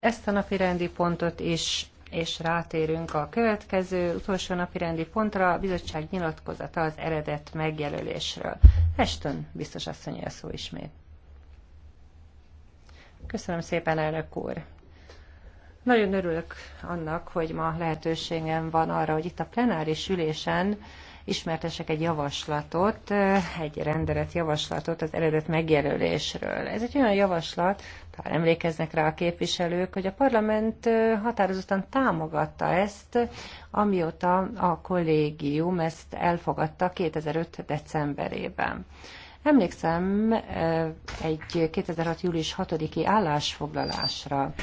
ezt a napi rendi pontot is, és rátérünk a következő utolsó napi rendi pontra, a bizottság nyilatkozata az eredet megjelölésről. Eston biztos asszony a szó ismét. Köszönöm szépen, elnök úr! Nagyon örülök annak, hogy ma lehetőségem van arra, hogy itt a plenáris ülésen ismertesek egy javaslatot, eh, egy rendelet javaslatot az eredet megjelölésről. Ez egy olyan javaslat, talán emlékeznek rá a képviselők, hogy a parlament eh, határozottan támogatta ezt, amióta a kollégium ezt elfogadta 2005. decemberében. Emlékszem eh, egy 2006. július 6-i állásfoglalásra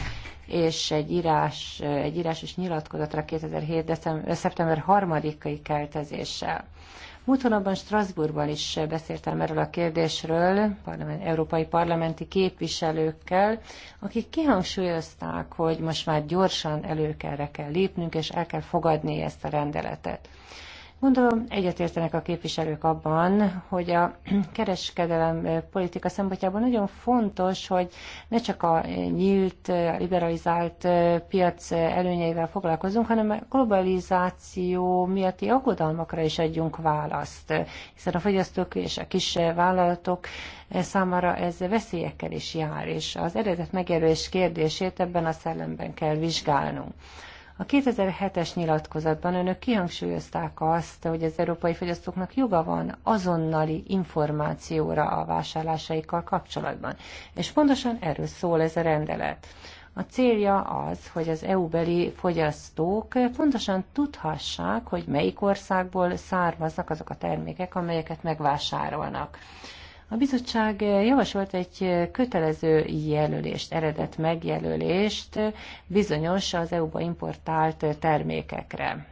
és egy írás, egy írásos nyilatkozatra 2007. December, szeptember 3-ai keltezéssel. Múlt hónapban Strasbourgban is beszéltem erről a kérdésről parlament, európai parlamenti képviselőkkel, akik kihangsúlyozták, hogy most már gyorsan előkerre kell lépnünk, és el kell fogadni ezt a rendeletet. Gondolom egyetértenek a képviselők abban, hogy a kereskedelem politika szempontjából nagyon fontos, hogy ne csak a nyílt, liberalizált piac előnyeivel foglalkozunk, hanem a globalizáció miatti aggodalmakra is adjunk választ, hiszen a fogyasztók és a kis vállalatok számára ez veszélyekkel is jár, és az eredet megjelölés kérdését ebben a szellemben kell vizsgálnunk. A 2007-es nyilatkozatban önök kihangsúlyozták azt, hogy az európai fogyasztóknak joga van azonnali információra a vásárlásaikkal kapcsolatban. És pontosan erről szól ez a rendelet. A célja az, hogy az EU-beli fogyasztók pontosan tudhassák, hogy melyik országból származnak azok a termékek, amelyeket megvásárolnak. A bizottság javasolt egy kötelező jelölést, eredet megjelölést bizonyos az EU-ba importált termékekre.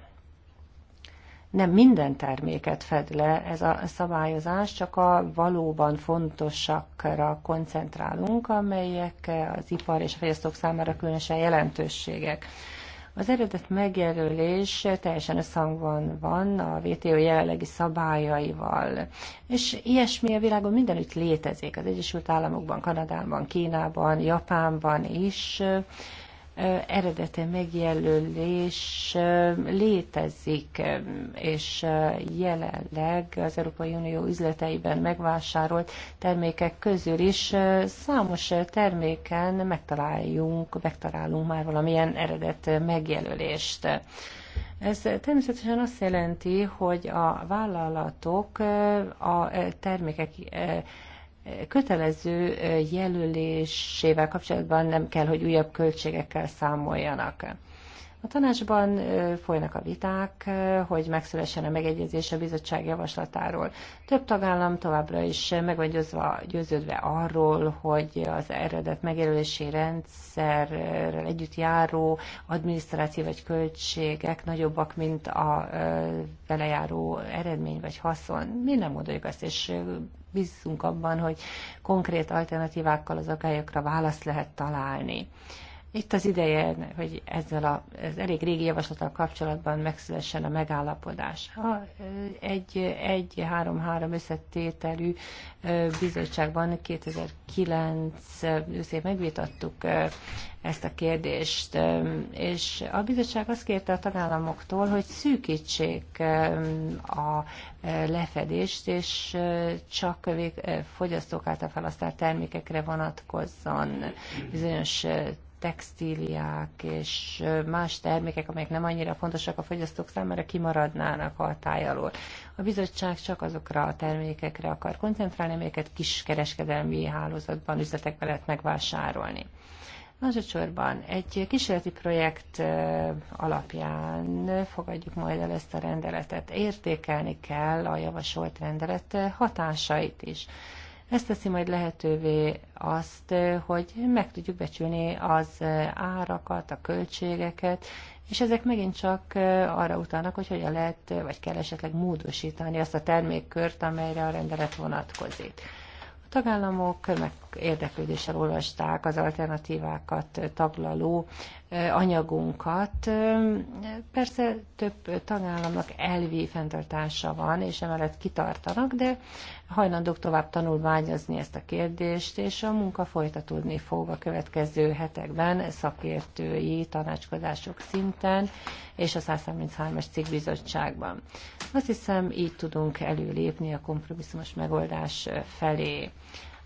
Nem minden terméket fed le ez a szabályozás, csak a valóban fontosakra koncentrálunk, amelyek az ipar és a fogyasztók számára különösen jelentőségek. Az eredet megjelölés teljesen összhangban van a VTO jelenlegi szabályaival, és ilyesmi a világon mindenütt létezik, az Egyesült Államokban, Kanadában, Kínában, Japánban is, eredete megjelölés létezik, és jelenleg az Európai Unió üzleteiben megvásárolt termékek közül is számos terméken megtaláljunk, megtalálunk már valamilyen eredet megjelölést. Ez természetesen azt jelenti, hogy a vállalatok a termékek kötelező jelölésével kapcsolatban nem kell, hogy újabb költségekkel számoljanak. A tanácsban folynak a viták, hogy megszülessen a megegyezés a bizottság javaslatáról. Több tagállam továbbra is meg van győzve, győződve arról, hogy az eredet megjelölési rendszerrel együtt járó adminisztráció vagy költségek nagyobbak, mint a belejáró eredmény vagy haszon. Mi nem gondoljuk azt, és bízunk abban, hogy konkrét alternatívákkal az akályokra választ lehet találni. Itt az ideje, hogy ezzel a, az elég régi javaslattal kapcsolatban megszülessen a megállapodás. Ha egy, egy három-három összetételű bizottságban 2009 őszén megvitattuk ezt a kérdést, és a bizottság azt kérte a tagállamoktól, hogy szűkítsék a lefedést, és csak fogyasztók által felhasznált termékekre vonatkozzon bizonyos textíliák és más termékek, amelyek nem annyira fontosak a fogyasztók számára, kimaradnának a táj alól. A bizottság csak azokra a termékekre akar koncentrálni, amelyeket kereskedelmi hálózatban, üzletekbe lehet megvásárolni. Másodszorban egy kísérleti projekt alapján fogadjuk majd el ezt a rendeletet. Értékelni kell a javasolt rendelet hatásait is. Ez teszi majd lehetővé azt, hogy meg tudjuk becsülni az árakat, a költségeket, és ezek megint csak arra utalnak, hogy hogyan lehet, vagy kell esetleg módosítani azt a termékkört, amelyre a rendelet vonatkozik. A tagállamok meg érdeklődéssel olvasták az alternatívákat taglaló anyagunkat. Persze több tagállamnak elvi fenntartása van, és emellett kitartanak, de hajlandók tovább tanulmányozni ezt a kérdést, és a munka folytatódni fog a következő hetekben szakértői tanácskozások szinten és a 133-as cikkbizottságban. Azt hiszem, így tudunk előlépni a kompromisszumos megoldás felé.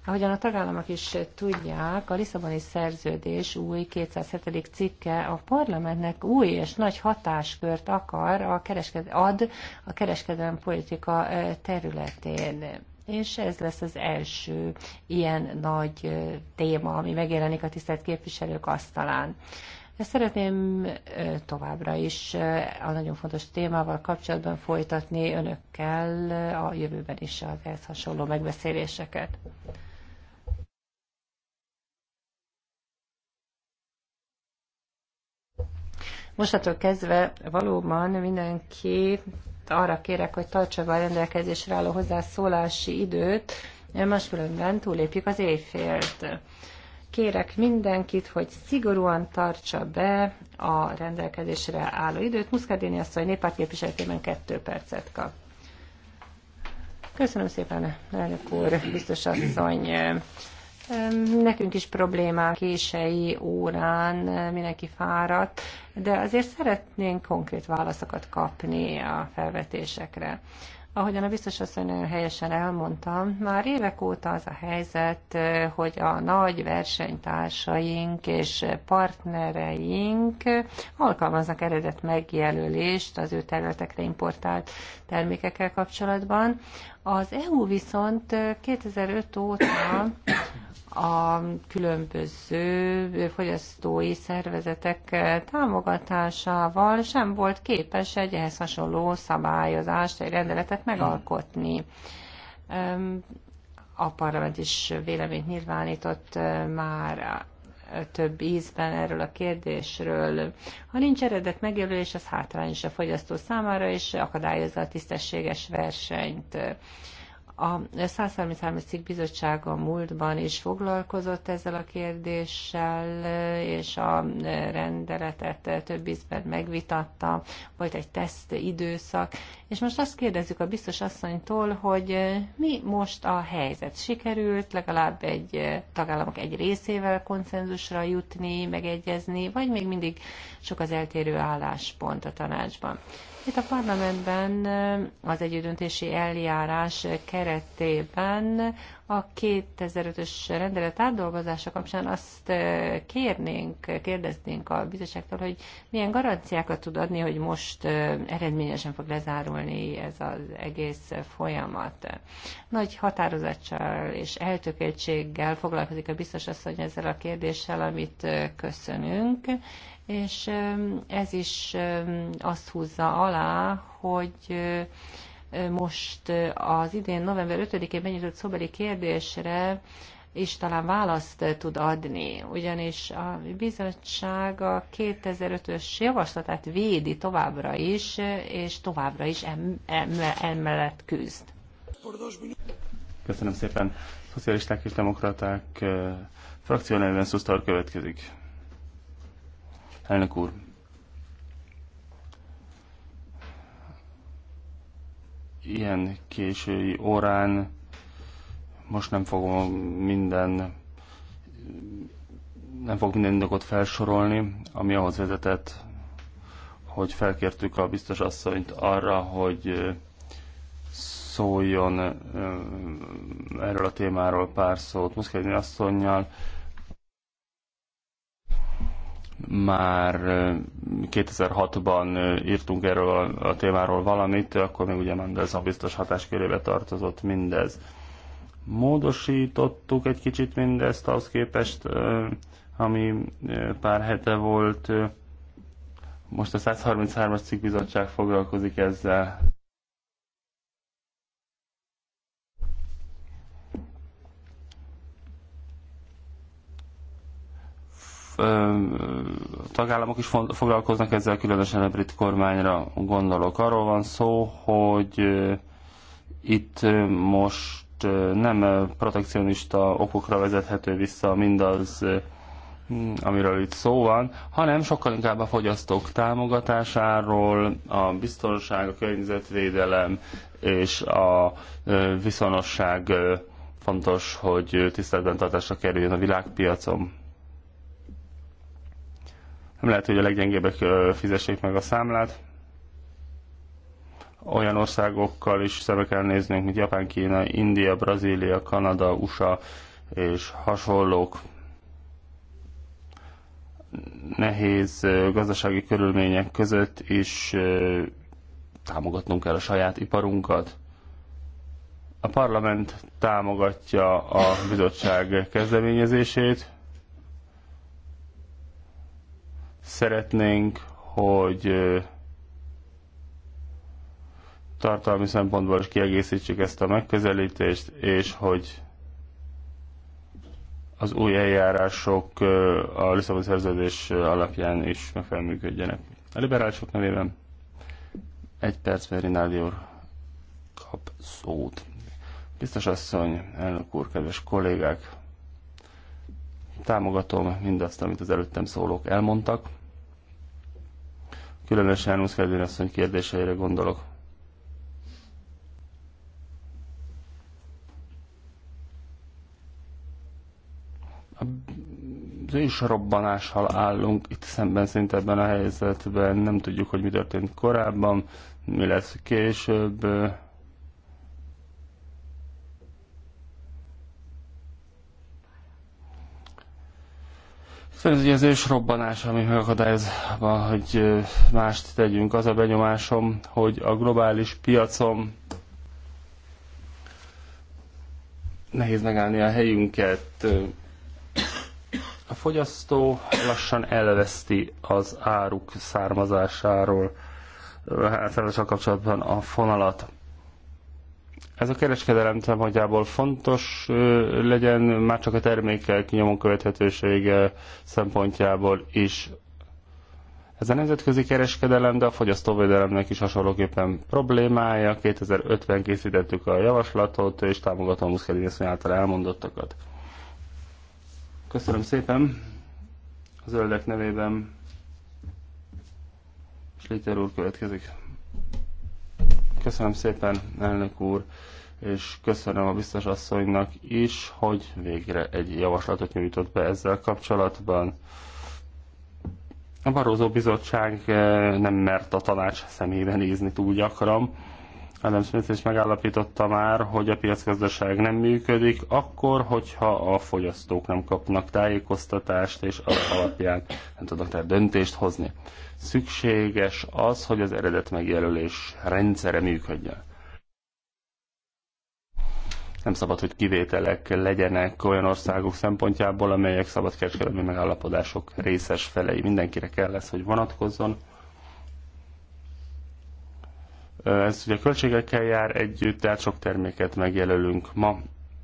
Ahogyan a tagállamok is tudják, a Lisszaboni szerződés új 207. cikke a parlamentnek új és nagy hatáskört akar a kereskedő, ad a kereskedelmi politika területén. És ez lesz az első ilyen nagy téma, ami megjelenik a tisztelt képviselők asztalán. Szeretném továbbra is a nagyon fontos témával kapcsolatban folytatni önökkel a jövőben is az ehhez hasonló megbeszéléseket. mostatól kezdve valóban mindenki arra kérek, hogy tartsa be a rendelkezésre álló hozzászólási időt, máskülönben túlépjük az éjfélt. Kérek mindenkit, hogy szigorúan tartsa be a rendelkezésre álló időt. Muszkádéni hogy néppárt képviseletében kettő percet kap. Köszönöm szépen, elnök úr, biztos asszony. Nekünk is problémák kései órán, mindenki fáradt, de azért szeretnénk konkrét válaszokat kapni a felvetésekre. Ahogyan a biztos asszony helyesen elmondtam, már évek óta az a helyzet, hogy a nagy versenytársaink és partnereink alkalmaznak eredet megjelölést az ő területekre importált termékekkel kapcsolatban. Az EU viszont 2005 óta a különböző fogyasztói szervezetek támogatásával sem volt képes egy ehhez hasonló szabályozást, egy rendeletet megalkotni. A parlament is véleményt nyilvánított már több ízben erről a kérdésről. Ha nincs eredet megjelölés, az hátrányos a fogyasztó számára, és akadályozza a tisztességes versenyt. A 133. cikk bizottsága múltban is foglalkozott ezzel a kérdéssel, és a rendeletet több ízben megvitatta, volt egy teszt időszak, és most azt kérdezzük a biztos asszonytól, hogy mi most a helyzet? Sikerült legalább egy tagállamok egy részével konszenzusra jutni, megegyezni, vagy még mindig sok az eltérő álláspont a tanácsban? Itt a parlamentben az együttdöntési eljárás keretében a 2005-ös rendelet átdolgozása kapcsán azt kérnénk, kérdeznénk a bizottságtól, hogy milyen garanciákat tud adni, hogy most eredményesen fog lezárulni ez az egész folyamat. Nagy határozással és eltökéltséggel foglalkozik a biztos asszony ezzel a kérdéssel, amit köszönünk, és ez is azt húzza alá, hogy most az idén november 5-én benyitott szobeli kérdésre is talán választ tud adni, ugyanis a bizottság a 2005-ös javaslatát védi továbbra is, és továbbra is emellett em küzd. Köszönöm szépen. Szocialisták és demokraták frakció nevében Szusztar következik. Elnök úr, ilyen késői órán most nem fogom minden nem fog minden indokot felsorolni, ami ahhoz vezetett, hogy felkértük a biztos asszonyt arra, hogy szóljon erről a témáról pár szót Muszkedini asszonynal, már 2006-ban írtunk erről a, témáról valamit, akkor még ugye a biztos hatáskörébe tartozott mindez. Módosítottuk egy kicsit mindezt ahhoz képest, ami pár hete volt. Most a 133-as cikkbizottság foglalkozik ezzel. tagállamok is foglalkoznak ezzel, különösen a brit kormányra gondolok. Arról van szó, hogy itt most nem protekcionista okokra vezethető vissza mindaz, amiről itt szó van, hanem sokkal inkább a fogyasztók támogatásáról, a biztonság, a környezetvédelem és a viszonosság fontos, hogy tiszteletben tartásra kerüljön a világpiacon. Nem lehet, hogy a leggyengébbek fizessék meg a számlát. Olyan országokkal is szembe kell néznünk, mint Japán, Kína, India, Brazília, Kanada, USA és hasonlók. Nehéz gazdasági körülmények között is támogatnunk kell a saját iparunkat. A parlament támogatja a bizottság kezdeményezését, Szeretnénk, hogy tartalmi szempontból is kiegészítsük ezt a megközelítést, és hogy az új eljárások a Lisszaboni szerződés alapján is megfelelően működjenek. A liberálisok nevében egy perc Rinaldi úr kap szót. Biztos asszony, elnök úr, kedves kollégák, támogatom mindazt, amit az előttem szólók elmondtak. Különösen Muszkelvin asszony kérdéseire gondolok. Az ősrobbanással állunk itt szemben szinte ebben a helyzetben, nem tudjuk, hogy mi történt korábban, mi lesz később, Ez ugye az ősrobbanás, ami megakadályozva, hogy mást tegyünk. Az a benyomásom, hogy a globális piacon nehéz megállni a helyünket. A fogyasztó lassan elveszti az áruk származásáról, a kapcsolatban a fonalat. Ez a kereskedelem szempontjából fontos legyen, már csak a termékek nyomon követhetősége szempontjából is. Ez a nemzetközi kereskedelem, de a fogyasztóvédelemnek is hasonlóképpen problémája. 2050 készítettük a javaslatot, és támogatom a által elmondottakat. Köszönöm szépen! Az öldek nevében Sliter úr következik. Köszönöm szépen, elnök úr, és köszönöm a biztos asszonynak is, hogy végre egy javaslatot nyújtott be ezzel kapcsolatban. A Barózó Bizottság eh, nem mert a tanács szemébe nézni túl gyakran, Adam Smith is megállapította már, hogy a piacgazdaság nem működik, akkor, hogyha a fogyasztók nem kapnak tájékoztatást, és az alapján nem tudnak tehát döntést hozni. Szükséges az, hogy az eredet megjelölés rendszere működjön. Nem szabad, hogy kivételek legyenek olyan országok szempontjából, amelyek szabadkereskedelmi megállapodások részes felei. Mindenkire kell lesz, hogy vonatkozzon ez ugye költségekkel jár együtt, tehát sok terméket megjelölünk ma,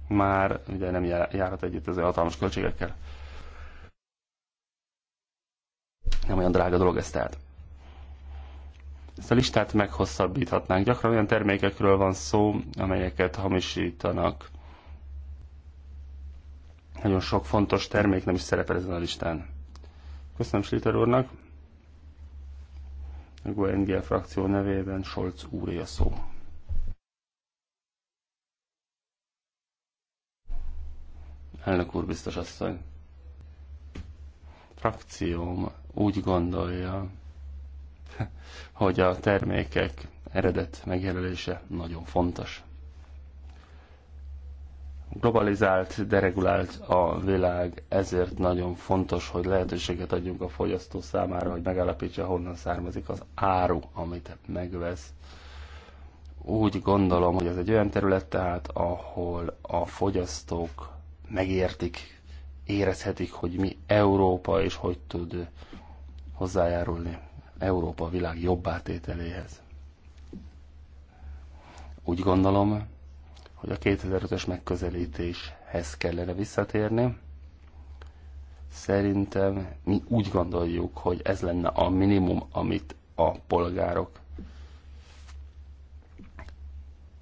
már ugye nem járhat együtt ezzel hatalmas költségekkel. Nem olyan drága dolog ez tehát. Ezt a listát meghosszabbíthatnánk. Gyakran olyan termékekről van szó, amelyeket hamisítanak. Nagyon sok fontos termék nem is szerepel ezen a listán. Köszönöm Sliter úrnak. A GUNGL frakció nevében Scholz úré a szó. Elnök úr, biztos asszony. Frakcióm úgy gondolja, hogy a termékek eredet megjelölése nagyon fontos globalizált, deregulált a világ, ezért nagyon fontos, hogy lehetőséget adjunk a fogyasztó számára, hogy megállapítsa, honnan származik az áru, amit megvesz. Úgy gondolom, hogy ez egy olyan terület tehát, ahol a fogyasztók megértik, érezhetik, hogy mi Európa, és hogy tud hozzájárulni Európa világ jobbátételéhez. Úgy gondolom, hogy a 2005-ös megközelítéshez kellene visszatérni. Szerintem mi úgy gondoljuk, hogy ez lenne a minimum, amit a polgárok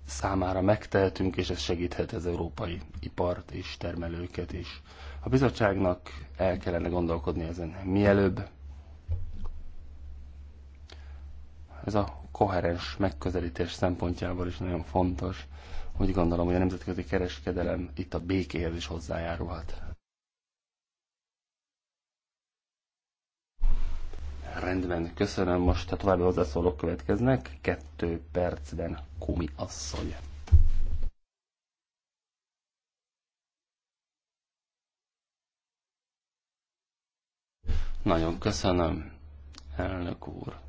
számára megtehetünk, és ez segíthet az európai ipart és termelőket is. A bizottságnak el kellene gondolkodni ezen mielőbb. Ez a koherens megközelítés szempontjából is nagyon fontos. Úgy gondolom, hogy a nemzetközi kereskedelem itt a békéhez is hozzájárulhat. Rendben, köszönöm. Most a további hozzászólók következnek. Kettő percben Kumi asszony. Nagyon köszönöm, elnök úr.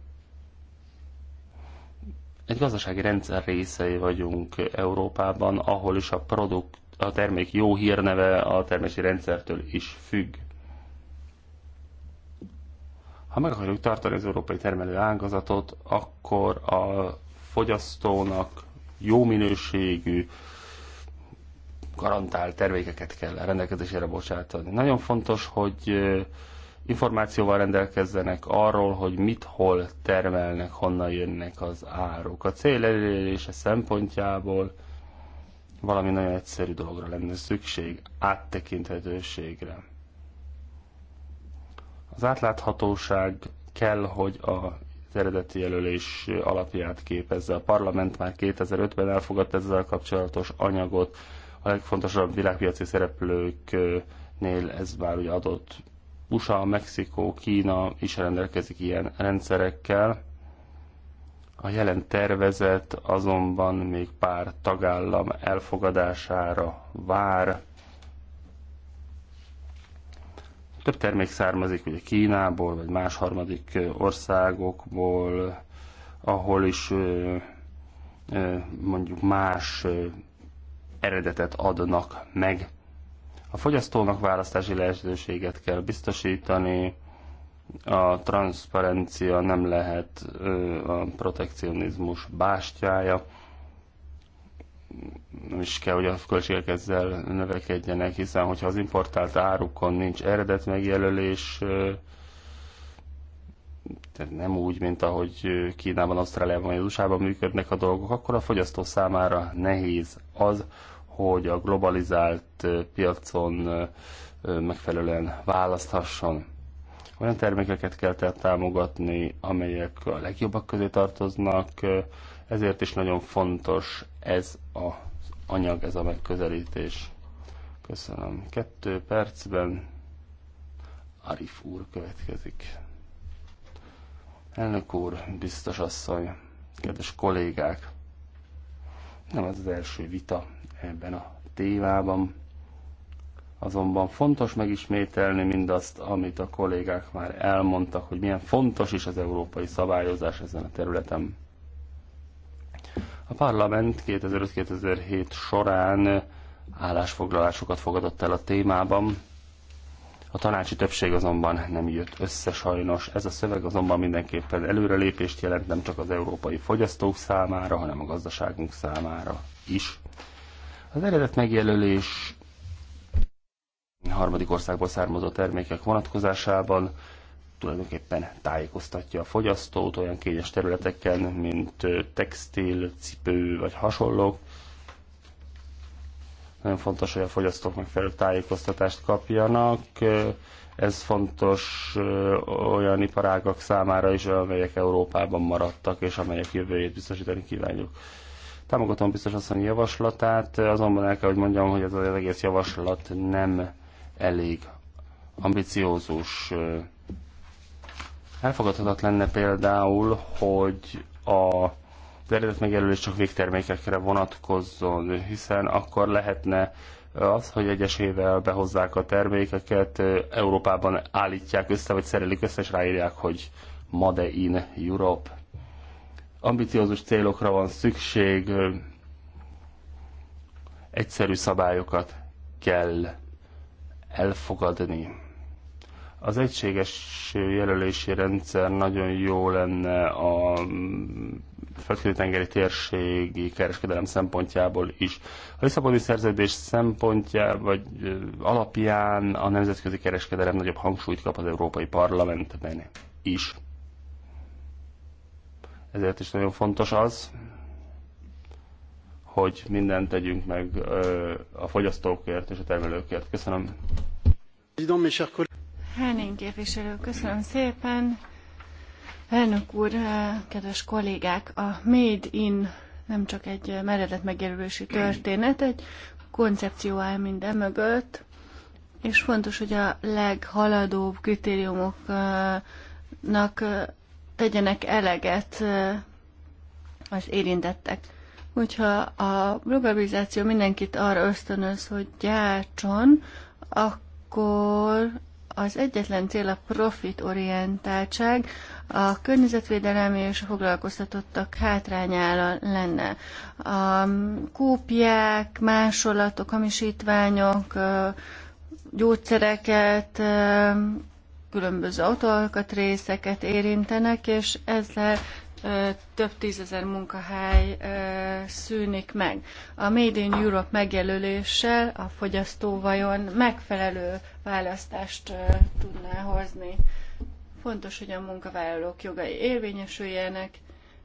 Egy gazdasági rendszer részei vagyunk Európában, ahol is a produkt, a termék jó hírneve a termési rendszertől is függ. Ha meg akarjuk tartani az európai termelő ágazatot, akkor a fogyasztónak jó minőségű, garantált termékeket kell rendelkezésére bocsátani. Nagyon fontos, hogy információval rendelkezzenek arról, hogy mit, hol termelnek, honnan jönnek az áruk. A cél elérése szempontjából valami nagyon egyszerű dologra lenne szükség, áttekinthetőségre. Az átláthatóság kell, hogy a az eredeti jelölés alapját képezze. A parlament már 2005-ben elfogadta ezzel kapcsolatos anyagot, a legfontosabb világpiaci szereplőknél ez már ugye adott USA, Mexikó, Kína is rendelkezik ilyen rendszerekkel. A jelen tervezet azonban még pár tagállam elfogadására vár. Több termék származik ugye Kínából, vagy más harmadik országokból, ahol is mondjuk más eredetet adnak meg a fogyasztónak választási lehetőséget kell biztosítani, a transzparencia nem lehet a protekcionizmus bástyája, nem is kell, hogy a költségek ezzel növekedjenek, hiszen hogyha az importált árukon nincs eredet megjelölés, tehát nem úgy, mint ahogy Kínában, Ausztráliában vagy USA-ban működnek a dolgok, akkor a fogyasztó számára nehéz az, hogy a globalizált piacon megfelelően választhasson. Olyan termékeket kell tehát támogatni, amelyek a legjobbak közé tartoznak, ezért is nagyon fontos ez az anyag, ez a megközelítés. Köszönöm. Kettő percben Arif úr következik. Elnök úr, biztos asszony, kedves kollégák! Nem ez az első vita ebben a tévában. Azonban fontos megismételni mindazt, amit a kollégák már elmondtak, hogy milyen fontos is az európai szabályozás ezen a területen. A parlament 2005-2007 során állásfoglalásokat fogadott el a témában, a tanácsi többség azonban nem jött össze sajnos. Ez a szöveg azonban mindenképpen előrelépést jelent nem csak az európai fogyasztók számára, hanem a gazdaságunk számára is. Az eredet megjelölés harmadik országból származó termékek vonatkozásában tulajdonképpen tájékoztatja a fogyasztót olyan kényes területeken, mint textil, cipő vagy hasonlók. Nagyon fontos, hogy a fogyasztók megfelelő tájékoztatást kapjanak. Ez fontos olyan iparágak számára is, amelyek Európában maradtak, és amelyek jövőjét biztosítani kívánjuk. Támogatom biztos asszony javaslatát, azonban el kell, hogy mondjam, hogy ez az egész javaslat nem elég ambiciózus. Elfogadhatat lenne például, hogy a eredet megjelölés csak végtermékekre vonatkozzon, hiszen akkor lehetne az, hogy egyesével behozzák a termékeket, Európában állítják össze, vagy szerelik össze, és ráírják, hogy Made in Europe ambiciózus célokra van szükség, egyszerű szabályokat kell elfogadni. Az egységes jelölési rendszer nagyon jó lenne a földközi-tengeri térségi kereskedelem szempontjából is. A Lisszaboni szerződés szempontja vagy alapján a nemzetközi kereskedelem nagyobb hangsúlyt kap az Európai Parlamentben is. Ezért is nagyon fontos az, hogy mindent tegyünk meg a fogyasztókért és a termelőkért. Köszönöm. Henning képviselő, köszönöm szépen. Elnök úr, kedves kollégák, a Made in nem csak egy meredet megjelölési történet, egy koncepció áll minden mögött, és fontos, hogy a leghaladóbb kritériumoknak tegyenek eleget az érintettek. Hogyha a globalizáció mindenkit arra ösztönöz, hogy gyártson, akkor az egyetlen cél a profitorientáltság, a környezetvédelem és a foglalkoztatottak hátrányára lenne. A kópiák, másolatok, hamisítványok, gyógyszereket különböző autóalkatrészeket érintenek, és ezzel több tízezer munkahely szűnik meg. A Made in Europe megjelöléssel a fogyasztó vajon megfelelő választást tudná hozni. Fontos, hogy a munkavállalók jogai érvényesüljenek,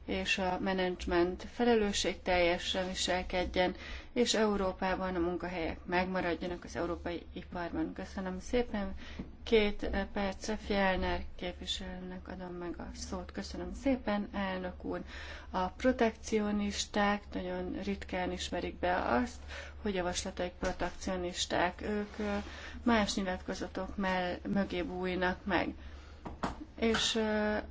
és a menedzsment felelősségteljesen viselkedjen, és Európában a munkahelyek megmaradjanak az európai iparban. Köszönöm szépen. Két eh, perc Fjellner képviselőnek adom meg a szót. Köszönöm szépen, elnök úr. A protekcionisták nagyon ritkán ismerik be azt, hogy javaslataik protekcionisták. Ők eh, más nyilatkozatok mell- mögé bújnak meg. És eh,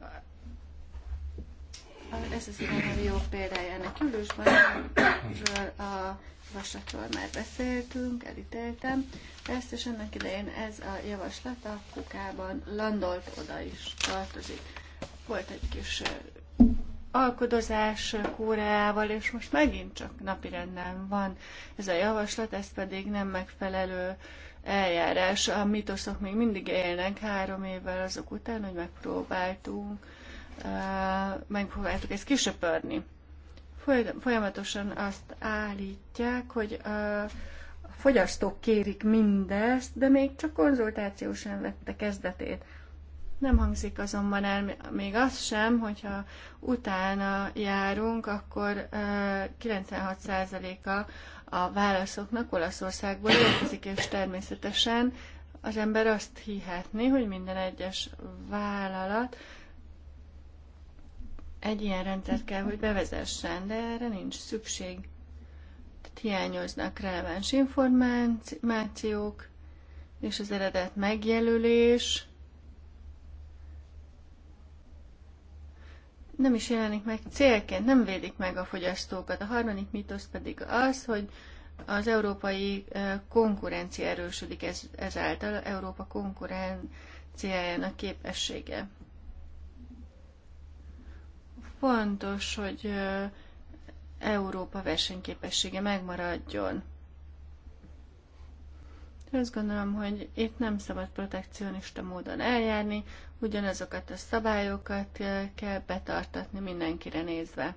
ez az nagyon jó példája ennek júliusban, amiről a vasatról már beszéltünk, elítéltem. Ezt és ennek idején ez a javaslat a kukában landolt oda is tartozik. Volt egy kis alkodozás Kóreával, és most megint csak napirenden van ez a javaslat, ez pedig nem megfelelő eljárás. A mitoszok még mindig élnek három évvel azok után, hogy megpróbáltunk megpróbáltuk ezt kisöpörni. Folyamatosan azt állítják, hogy a fogyasztók kérik mindezt, de még csak konzultáció sem vette kezdetét. Nem hangzik azonban el még az sem, hogyha utána járunk, akkor 96%-a a válaszoknak Olaszországból érkezik, és természetesen az ember azt hihetné, hogy minden egyes vállalat egy ilyen rendszert kell, hogy bevezessen, de erre nincs szükség. Tehát hiányoznak releváns információk, és az eredet megjelölés nem is jelenik meg célként, nem védik meg a fogyasztókat. A harmadik mítosz pedig az, hogy az európai konkurencia erősödik ez, ezáltal, Európa konkurenciájának képessége. Fontos, hogy Európa versenyképessége megmaradjon. Azt gondolom, hogy itt nem szabad protekcionista módon eljárni, ugyanazokat a szabályokat kell betartatni mindenkire nézve.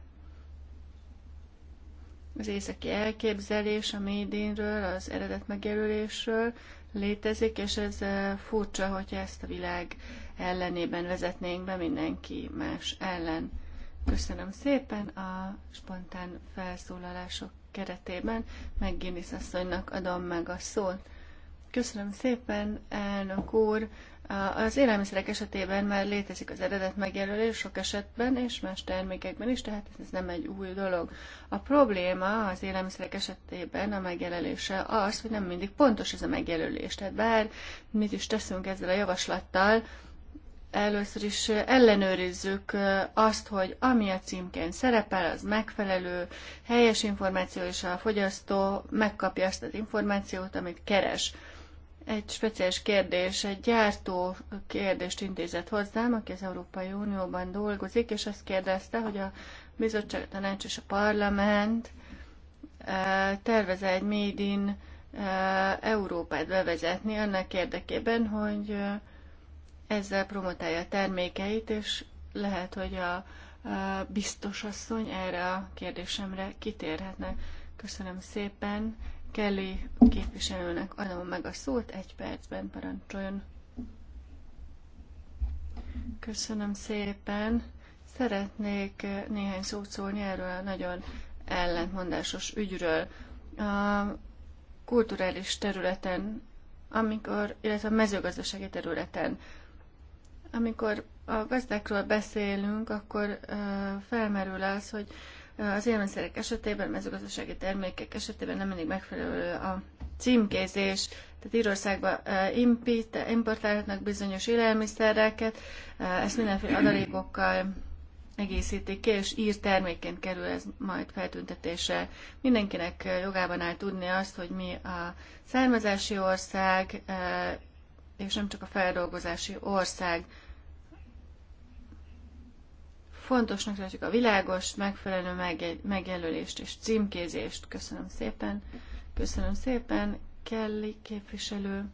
Az északi elképzelés a médénről, az eredet megjelölésről létezik, és ez furcsa, hogyha ezt a világ ellenében vezetnénk be mindenki más ellen. Köszönöm szépen a spontán felszólalások keretében. Guinness asszonynak adom meg a szót. Köszönöm szépen, elnök úr. Az élelmiszerek esetében már létezik az eredet megjelölés sok esetben, és más termékekben is, tehát ez nem egy új dolog. A probléma az élelmiszerek esetében a megjelölése az, hogy nem mindig pontos ez a megjelölés. Tehát bár mit is teszünk ezzel a javaslattal, először is ellenőrizzük azt, hogy ami a címként szerepel, az megfelelő, helyes információ, és a fogyasztó megkapja azt az információt, amit keres. Egy speciális kérdés, egy gyártó kérdést intézett hozzám, aki az Európai Unióban dolgozik, és azt kérdezte, hogy a bizottság, a tanács és a parlament tervez egy Made in Európát bevezetni annak érdekében, hogy ezzel promotálja a termékeit, és lehet, hogy a biztos asszony erre a kérdésemre kitérhetne. Köszönöm szépen. Kelly képviselőnek adom meg a szót, egy percben parancsoljon. Köszönöm szépen. Szeretnék néhány szót szólni erről a nagyon ellentmondásos ügyről. A kulturális területen, amikor, illetve a mezőgazdasági területen amikor a gazdákról beszélünk, akkor felmerül az, hogy az élelmiszerek esetében, mezőgazdasági termékek esetében nem mindig megfelelő a címkézés, tehát Írországba importálhatnak bizonyos élelmiszereket, ezt mindenféle adalékokkal egészítik ki, és ír termékként kerül ez majd feltüntetése. Mindenkinek jogában áll tudni azt, hogy mi a származási ország, és nem csak a feldolgozási ország. Fontosnak tartjuk a világos, megfelelő megjelölést és címkézést. Köszönöm szépen. Köszönöm szépen, Kelly képviselő.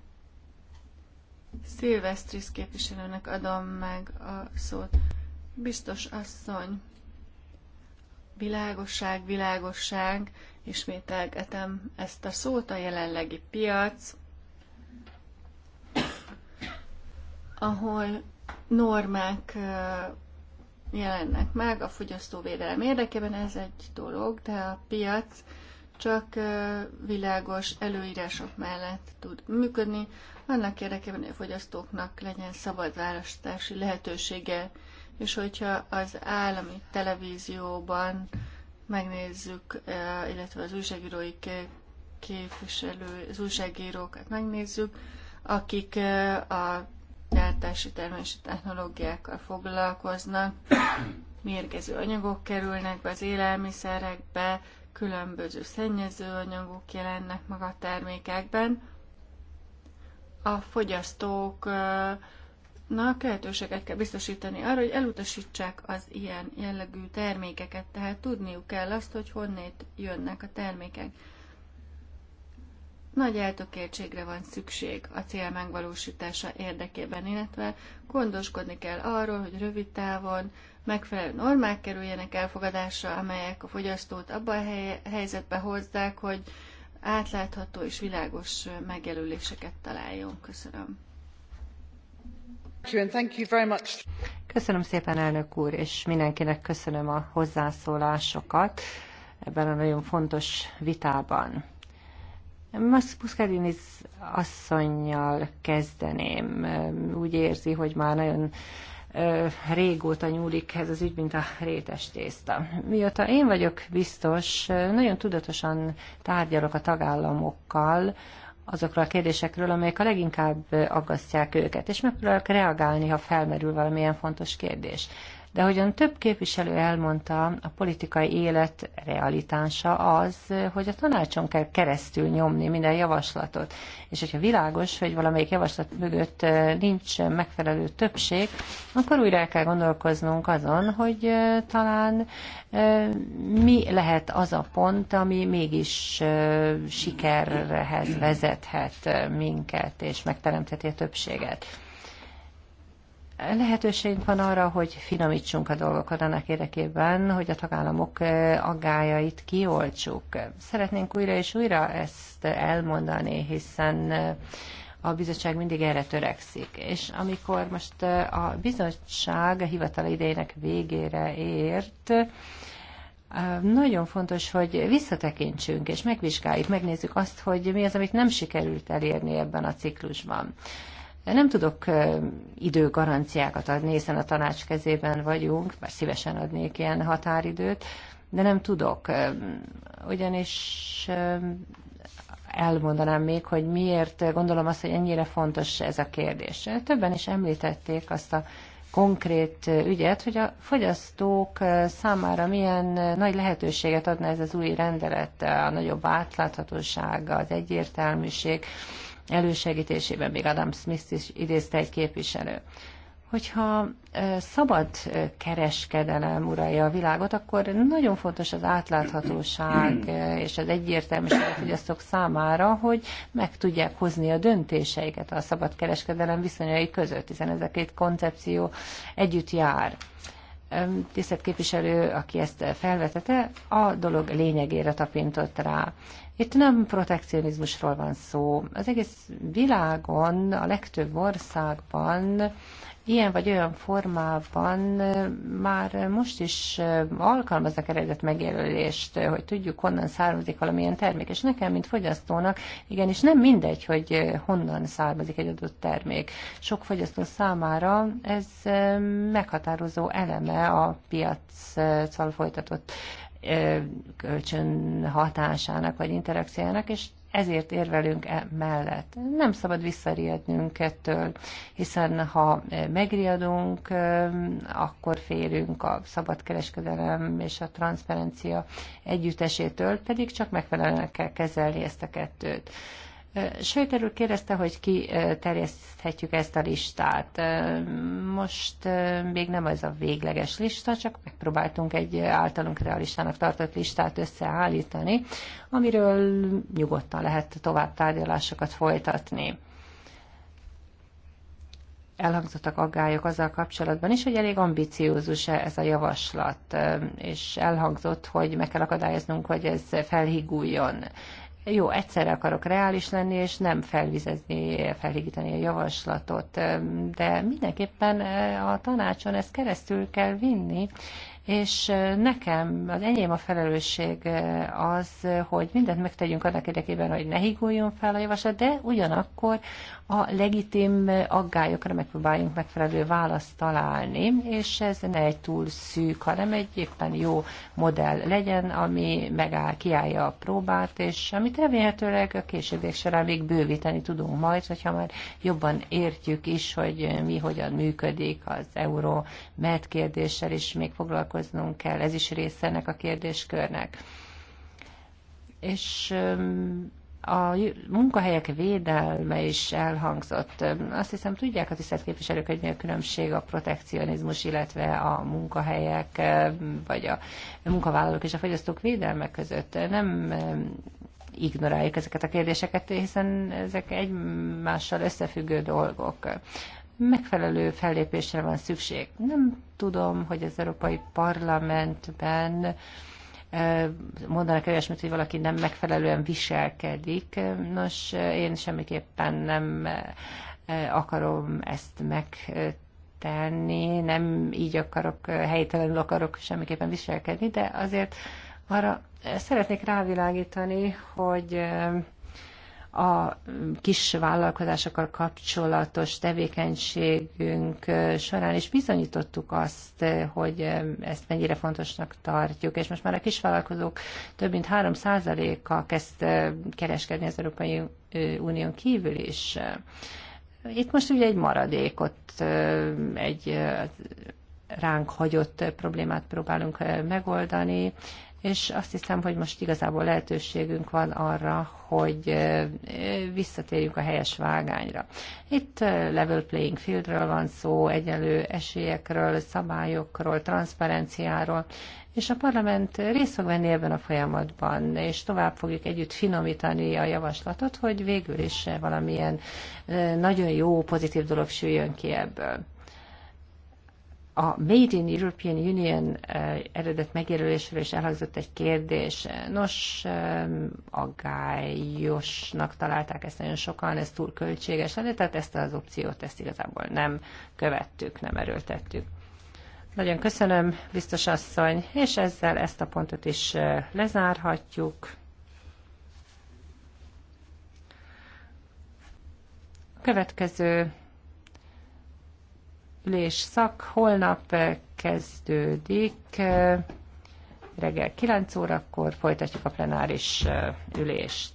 Szilvesztris képviselőnek adom meg a szót. Biztos asszony, világosság, világosság, ismételgetem ezt a szót, a jelenlegi piac ahol normák jelennek meg a fogyasztóvédelem érdekében, ez egy dolog, de a piac csak világos előírások mellett tud működni, annak érdekében, hogy a fogyasztóknak legyen szabad választási lehetősége, és hogyha az állami televízióban megnézzük, illetve az újságírói képviselő, az újságírókat megnézzük, akik a gyártási termési technológiákkal foglalkoznak, mérgező anyagok kerülnek be az élelmiszerekbe, különböző szennyező anyagok jelennek meg a termékekben. A fogyasztóknak lehetőséget kell biztosítani arra, hogy elutasítsák az ilyen jellegű termékeket, tehát tudniuk kell azt, hogy honnét jönnek a termékek. Nagy eltökéltségre van szükség a cél megvalósítása érdekében, illetve gondoskodni kell arról, hogy rövid távon megfelelő normák kerüljenek elfogadásra, amelyek a fogyasztót abba a helyzetbe hozzák, hogy átlátható és világos megjelöléseket találjon. Köszönöm. Köszönöm szépen, elnök úr, és mindenkinek köszönöm a hozzászólásokat ebben a nagyon fontos vitában. Muscadini asszonynal kezdeném. Úgy érzi, hogy már nagyon régóta nyúlik ez az ügy, mint a rétes tészta. Mióta én vagyok biztos, nagyon tudatosan tárgyalok a tagállamokkal, azokról a kérdésekről, amelyek a leginkább aggasztják őket, és megpróbálok reagálni, ha felmerül valamilyen fontos kérdés. De ahogyan több képviselő elmondta, a politikai élet realitása az, hogy a tanácson kell keresztül nyomni minden javaslatot. És hogyha világos, hogy valamelyik javaslat mögött nincs megfelelő többség, akkor újra el kell gondolkoznunk azon, hogy talán mi lehet az a pont, ami mégis sikerhez vezethet minket, és megteremtheti a többséget lehetőségünk van arra, hogy finomítsunk a dolgokat annak érdekében, hogy a tagállamok eh, aggájait kioltsuk. Szeretnénk újra és újra ezt elmondani, hiszen eh, a bizottság mindig erre törekszik. És amikor most eh, a bizottság a hivatal idejének végére ért, nagyon fontos, hogy visszatekintsünk és megvizsgáljuk, megnézzük azt, hogy mi az, amit nem sikerült elérni ebben a ciklusban. Nem tudok időgaranciákat adni, hiszen a tanács kezében vagyunk, bár szívesen adnék ilyen határidőt, de nem tudok. Ugyanis elmondanám még, hogy miért gondolom azt, hogy ennyire fontos ez a kérdés. Többen is említették azt a konkrét ügyet, hogy a fogyasztók számára milyen nagy lehetőséget adna ez az új rendelet, a nagyobb átláthatóság, az egyértelműség, elősegítésében, még Adam Smith is idézte egy képviselő. Hogyha szabad kereskedelem uralja a világot, akkor nagyon fontos az átláthatóság és az egyértelműség a fogyasztók számára, hogy meg tudják hozni a döntéseiket a szabad kereskedelem viszonyai között, hiszen ez a két koncepció együtt jár tisztelt képviselő, aki ezt felvetette, a dolog lényegére tapintott rá. Itt nem protekcionizmusról van szó. Az egész világon, a legtöbb országban ilyen vagy olyan formában már most is alkalmaznak eredet megjelölést, hogy tudjuk, honnan származik valamilyen termék. És nekem, mint fogyasztónak, igenis nem mindegy, hogy honnan származik egy adott termék. Sok fogyasztó számára ez meghatározó eleme a piac folytatott kölcsön hatásának vagy interakciójának, és ezért érvelünk e mellett. Nem szabad visszariadnünk ettől, hiszen ha megriadunk, akkor félünk a szabadkereskedelem és a transzparencia együttesétől, pedig csak megfelelően kell kezelni ezt a kettőt. Sőterül kérdezte, hogy ki terjeszthetjük ezt a listát. Most még nem ez a végleges lista, csak megpróbáltunk egy általunk realistának tartott listát összeállítani, amiről nyugodtan lehet tovább tárgyalásokat folytatni elhangzottak aggályok azzal kapcsolatban is, hogy elég ambiciózus -e ez a javaslat, és elhangzott, hogy meg kell akadályoznunk, hogy ez felhiguljon. Jó, egyszerre akarok reális lenni, és nem felvizezni, felhigítani a javaslatot, de mindenképpen eh, a tanácson ezt keresztül kell vinni, és nekem, az enyém a felelősség az, hogy mindent megtegyünk annak érdekében, hogy ne higuljon fel a javaslat, de ugyanakkor a legitim aggályokra megpróbáljunk megfelelő választ találni, és ez ne egy túl szűk, hanem egy éppen jó modell legyen, ami megáll, kiállja a próbát, és amit remélhetőleg a későbbiek során még bővíteni tudunk majd, hogyha már jobban értjük is, hogy mi hogyan működik az euró med kérdéssel, és még foglalkozunk foglalkoznunk kell, ez is része ennek a kérdéskörnek. És a munkahelyek védelme is elhangzott. Azt hiszem, tudják a tisztelt képviselők, hogy mi a különbség a protekcionizmus, illetve a munkahelyek, vagy a munkavállalók és a fogyasztók védelme között. Nem ignoráljuk ezeket a kérdéseket, hiszen ezek egymással összefüggő dolgok megfelelő fellépésre van szükség. Nem tudom, hogy az Európai Parlamentben eh, mondanak olyasmit, hogy valaki nem megfelelően viselkedik. Nos, én semmiképpen nem eh, akarom ezt megtenni, nem így akarok, eh, helytelenül akarok semmiképpen viselkedni, de azért arra szeretnék rávilágítani, hogy a kis vállalkozásokkal kapcsolatos tevékenységünk során, is bizonyítottuk azt, hogy ezt mennyire fontosnak tartjuk, és most már a kisvállalkozók több mint 3%-a kezd kereskedni az Európai Unión kívül is. Itt most ugye egy maradékot, egy ránk hagyott problémát próbálunk megoldani, és azt hiszem, hogy most igazából lehetőségünk van arra, hogy visszatérjünk a helyes vágányra. Itt level playing fieldről van szó, egyenlő esélyekről, szabályokról, transzparenciáról, és a parlament részt fog venni ebben a folyamatban, és tovább fogjuk együtt finomítani a javaslatot, hogy végül is valamilyen nagyon jó, pozitív dolog süljön ki ebből. A Made in European Union eh, eredet megjelölésről is elhangzott egy kérdés. Nos, aggályosnak találták ezt nagyon sokan, ez túl költséges lenne, tehát ezt az opciót ezt igazából nem követtük, nem erőltettük. Nagyon köszönöm, biztos asszony, és ezzel ezt a pontot is eh, lezárhatjuk. Következő ülésszak holnap eh, kezdődik, eh, reggel 9 órakor folytatjuk a plenáris eh, ülést.